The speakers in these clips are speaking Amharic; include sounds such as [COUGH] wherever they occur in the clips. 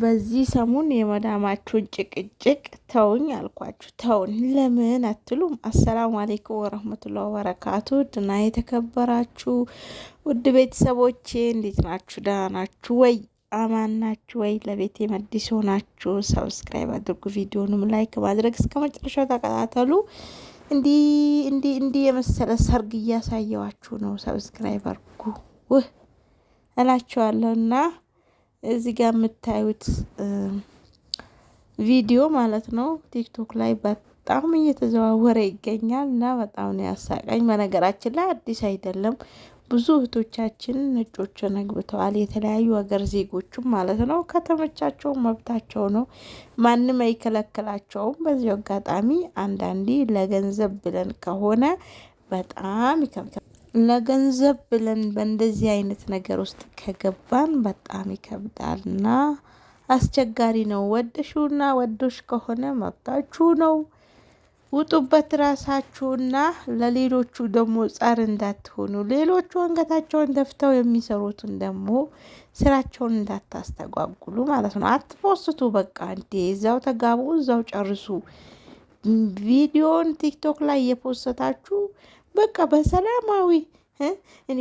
በዚህ ሰሞን የመዳማችሁን ጭቅጭቅ ተውኝ አልኳችሁ። ተውን ለምን አትሉም? አሰላሙ አሌይኩም ወረህመቱላ ወበረካቱ ድና የተከበራችሁ ውድ ቤተሰቦቼ እንዴት ናችሁ? ደህና ናችሁ ወይ? አማን ናችሁ ወይ? ለቤት መዲስ ሆናችሁ ሰብስክራይብ አድርጉ፣ ቪዲዮንም ላይክ ማድረግ እስከ መጨረሻው ተከታተሉ። እንዲህ እንዲህ እንዲህ የመሰለ ሰርግ እያሳየዋችሁ ነው። ሰብስክራይብ አድርጉ ውህ እላችኋለሁና እዚህ ጋር የምታዩት ቪዲዮ ማለት ነው ቲክቶክ ላይ በጣም እየተዘዋወረ ይገኛል እና በጣም ነው ያሳቀኝ። በነገራችን ላይ አዲስ አይደለም። ብዙ እህቶቻችን ነጮችን አግብተዋል፣ የተለያዩ ሀገር ዜጎችም ማለት ነው። ከተመቻቸው መብታቸው ነው፣ ማንም አይከለክላቸውም። በዚሁ አጋጣሚ አንዳንዴ ለገንዘብ ብለን ከሆነ በጣም ይከብዳል። ለገንዘብ ብለን በእንደዚህ አይነት ነገር ውስጥ ከገባን በጣም ይከብዳልና አስቸጋሪ ነው። ወደሹና ወዶሽ ከሆነ መብታችሁ ነው። ውጡበት ራሳችሁና ለሌሎቹ ደግሞ ጸር እንዳትሆኑ። ሌሎቹ አንገታቸውን ደፍተው የሚሰሩትን ደግሞ ስራቸውን እንዳታስተጓጉሉ ማለት ነው። አትፖስቱ። በቃ እንዴ እዛው ተጋቡ፣ እዛው ጨርሱ። ቪዲዮን ቲክቶክ ላይ እየፖሰታችሁ በቃ በሰላማዊ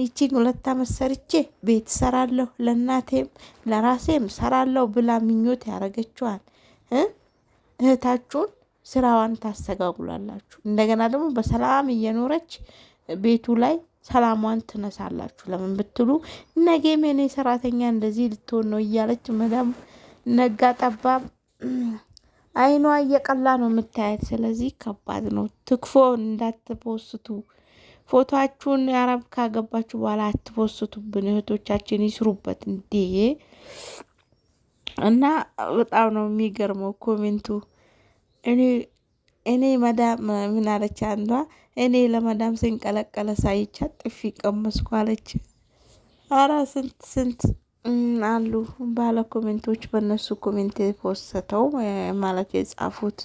እቺን ሁለት አመት ሰርቼ ቤት ሰራለሁ፣ ለእናቴም ለራሴም ሰራለሁ ብላ ምኞት ያደረገችዋል እህታችሁን ስራዋን ታስተጋጉላላችሁ። እንደገና ደግሞ በሰላም እየኖረች ቤቱ ላይ ሰላሟን ትነሳላችሁ። ለምን ብትሉ ነገም የኔ ሰራተኛ እንደዚህ ልትሆን ነው እያለች መዳም ነጋ ጠባብ አይኗ እየቀላ ነው የምታያት። ስለዚህ ከባድ ነው። ትክፎ እንዳትፖስቱ። ፎቶአችሁን አረብ ካገባችሁ በኋላ አትፖስቱብን፣ እህቶቻችን ይስሩበት እንዴ! እና በጣም ነው የሚገርመው ኮሜንቱ። እኔ መዳም ምን አለች አንዷ፣ እኔ ለመዳም ስንቀለቀለ ሳይቻት ጥፊ ቀመስኩ አለች። አረ ስንት ስንት አሉ ባለ ኮሜንቶች በእነሱ ኮሜንት የፖስተው ማለት የጻፉት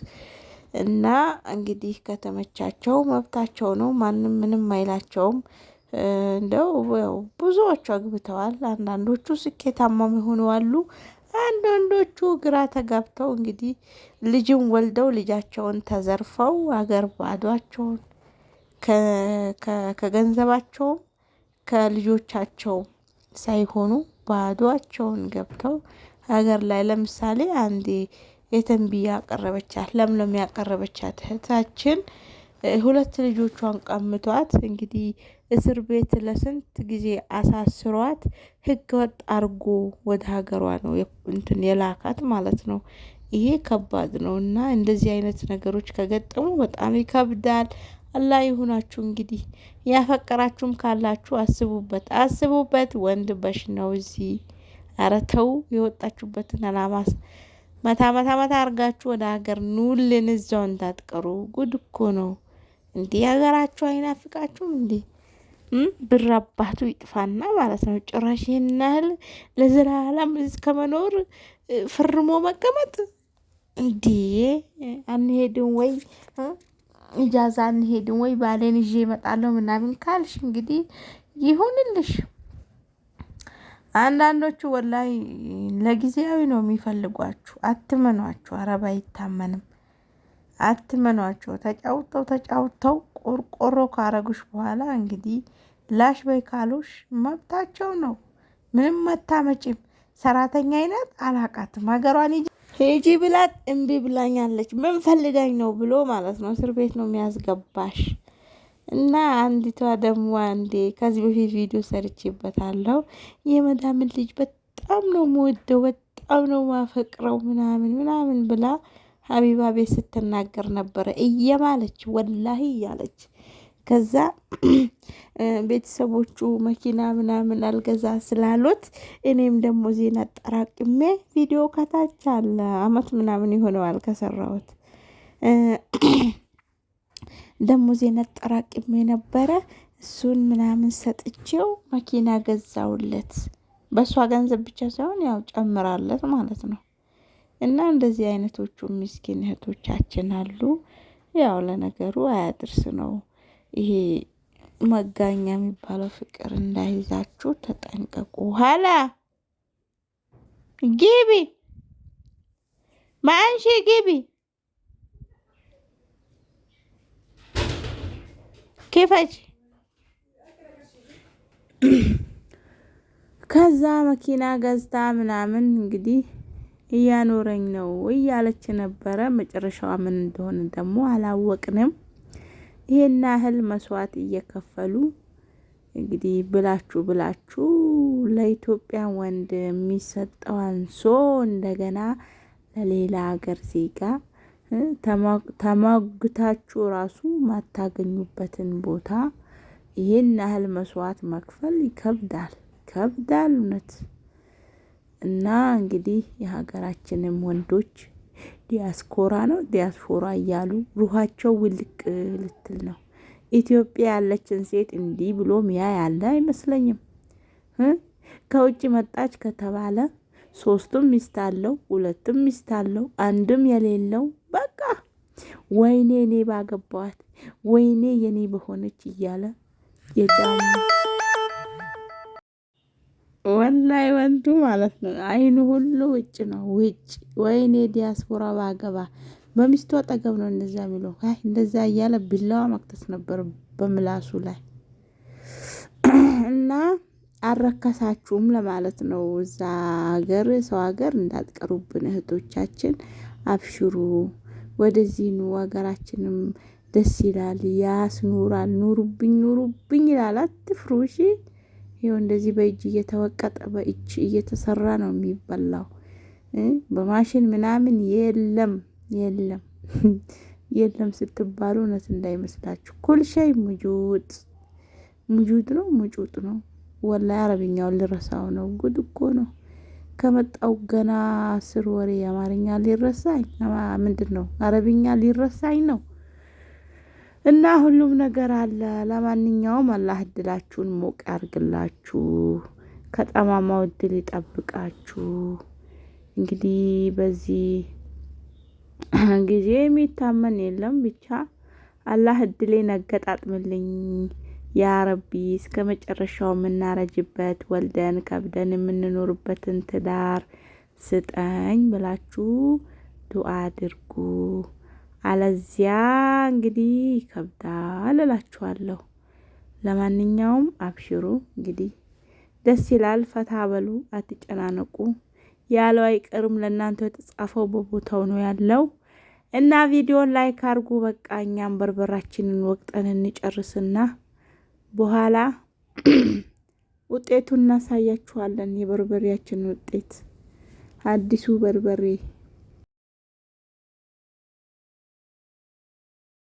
እና እንግዲህ ከተመቻቸው መብታቸው ነው። ማንም ምንም አይላቸውም። እንደው ያው ብዙዎቹ አግብተዋል። አንዳንዶቹ ስኬታማም የሆኑ አሉ። አንዳንዶቹ ግራ ተጋብተው እንግዲህ ልጅም ወልደው ልጃቸውን ተዘርፈው አገር ባዷቸውን ከገንዘባቸውም ከልጆቻቸው ሳይሆኑ ባዷቸውን ገብተው ሀገር ላይ ለምሳሌ አንዴ የተንቢ ያቀረበቻት ለምለም ያቀረበቻት እህታችን ሁለት ልጆቿን ቀምቷት እንግዲህ እስር ቤት ለስንት ጊዜ አሳስሯት ሕገ ወጥ አርጎ ወደ ሀገሯ ነው እንትን የላካት ማለት ነው። ይሄ ከባድ ነው እና እንደዚህ አይነት ነገሮች ከገጠሙ በጣም ይከብዳል። አላህ ይሁናችሁ። እንግዲህ ያፈቀራችሁም ካላችሁ አስቡበት፣ አስቡበት። ወንድ በሽ ነው እዚህ። አረተው የወጣችሁበትን አላማ መታ መታ መታ አርጋችሁ ወደ ሀገር ኑልን፣ እዛው እንዳትቀሩ። ጉድ እኮ ነው እንዴ! ሀገራችሁ አይናፍቃችሁም እንዴ? ብር አባቱ ይጥፋና ማለት ነው። ጭራሽ ይናል ለዘላለም እስከ መኖር ፈርሞ መቀመጥ እንዴ! አንሄድም ወይ ኢጃዛ አንሄድም ወይ ባሌን ይዤ እመጣለሁ ምናምን ካልሽ እንግዲህ ይሁንልሽ። አንዳንዶቹ ወላይ ለጊዜያዊ ነው የሚፈልጓችሁ። አትመኗቸው። አረብ አይታመንም። አትመኗቸው። ተጫውተው ተጫውተው ቆርቆሮ ካረጉሽ በኋላ እንግዲህ ላሽ በይ ካሉሽ መብታቸው ነው። ምንም መታመጪም። ሰራተኛ አይነት አላቃትም። ሀገሯን ሂጂ ብላት እምቢ ብላኛለች ምን ፈልጋኝ ነው ብሎ ማለት ነው። እስር ቤት ነው የሚያስገባሽ። እና አንዲቷ ደግሞ አንዴ ከዚህ በፊት ቪዲዮ ሰርቼበታለሁ። የመዳምን ልጅ በጣም ነው የምወደው በጣም ነው ማፈቅረው ምናምን ምናምን ብላ ሀቢባ ቤት ስትናገር ነበረ እየማለች ወላሂ እያለች ከዛ [CLEARS THROAT] ቤተሰቦቹ መኪና ምናምን አልገዛ ስላሉት እኔም ደግሞ ዜና አጠራቅሜ ቪዲዮ ከታች አለ አመት ምናምን ይሆነዋል ከሰራሁት [CLEARS THROAT] ደሞዜን አጠራቅሜ ነበረ እሱን ምናምን ሰጥቼው መኪና ገዛውለት። በእሷ ገንዘብ ብቻ ሳይሆን ያው ጨምራለት ማለት ነው። እና እንደዚህ አይነቶቹ ምስኪን እህቶቻችን አሉ። ያው ለነገሩ አያድርስ ነው ይሄ መጋኛ የሚባለው ፍቅር እንዳይዛችሁ ተጠንቀቁ። ኋላ ግቢ ማንሺ ግቢ ክፈች። ከዛ መኪና ገዝታ ምናምን እንግዲህ እያኖረኝ ነው እያለች ነበረ። መጨረሻዋ ምን እንደሆነ ደግሞ አላወቅንም። ይሄን ያህል መስዋዕት እየከፈሉ እንግዲህ ብላችሁ ብላችሁ ለኢትዮጵያ ወንድ የሚሰጠው አንሶ እንደገና ለሌላ ሀገር ዜጋ ተማግታችሁ ራሱ ማታገኙበትን ቦታ ይህን ያህል መስዋዕት መክፈል ይከብዳል ይከብዳል እውነት። እና እንግዲህ የሀገራችንም ወንዶች ዲያስፖራ ነው ዲያስፖራ እያሉ ሩሃቸው ውልቅ ልትል ነው። ኢትዮጵያ ያለችን ሴት እንዲህ ብሎ ሚያ ያለ አይመስለኝም። ከውጭ መጣች ከተባለ ሶስትም ሚስት አለው፣ ሁለትም ሚስት አለው፣ አንድም የሌለው በቃ ወይኔ እኔ ባገባዋት ወይኔ የኔ በሆነች እያለ የጫማ ወላይ ወንዱ ማለት ነው። አይኑ ሁሉ ውጭ ነው ውጭ። ወይኔ ዲያስፖራ ባገባ በሚስቱ አጠገብ ነው እንደዛ የሚለው እንደዛ እያለ ቢላዋ መክተስ ነበር በምላሱ ላይ [CLEARS THROAT] እና አረከሳችሁም ለማለት ነው። እዛ ሀገር ሰው ሀገር እንዳትቀሩብን እህቶቻችን አብሽሩ ወደዚህ ኑ ሀገራችንም ደስ ይላል ያስኑራል ኑሩብኝ ኑሩብኝ ይላል አትፍሩ እሺ። ይኸው እንደዚህ በእጅ እየተወቀጠ በእጅ እየተሰራ ነው የሚበላው። በማሽን ምናምን የለም የለም [LAUGHS] የለም ስትባሉ እውነት እንዳይመስላችሁ። ኩል ሙጁጥ ሙጁጥ ነው ሙጩጥ ነው ወላይ አረብኛውን ልረሳው ነው። ጉድ እኮ ነው። ከመጣው ገና አስር ወሬ አማርኛ ሊረሳኝ ምንድን ነው አረብኛ ሊረሳኝ ነው። እና ሁሉም ነገር አለ። ለማንኛውም አላህ እድላችሁን ሞቅ ያርግላችሁ፣ ከጠማማው እድል ይጠብቃችሁ። እንግዲህ በዚህ ጊዜ የሚታመን የለም። ብቻ አላህ እድሌን አገጣጥምልኝ ያ ረቢ እስከ መጨረሻው የምናረጅበት ወልደን ከብደን የምንኖርበትን ትዳር ስጠኝ ብላችሁ ዱአ አድርጉ። አለዚያ እንግዲህ ይከብዳል እላችኋለሁ። ለማንኛውም አብሽሩ እንግዲህ ደስ ይላል። ፈታ በሉ፣ አትጨናነቁ። ያለው አይቀርም፣ ለእናንተ የተጻፈው በቦታው ነው ያለው እና ቪዲዮን ላይክ አርጉ። በቃ እኛም በርበራችንን ወቅጠን እንጨርስና በኋላ ውጤቱን እናሳያችኋለን። የበርበሬያችን ውጤት አዲሱ በርበሬ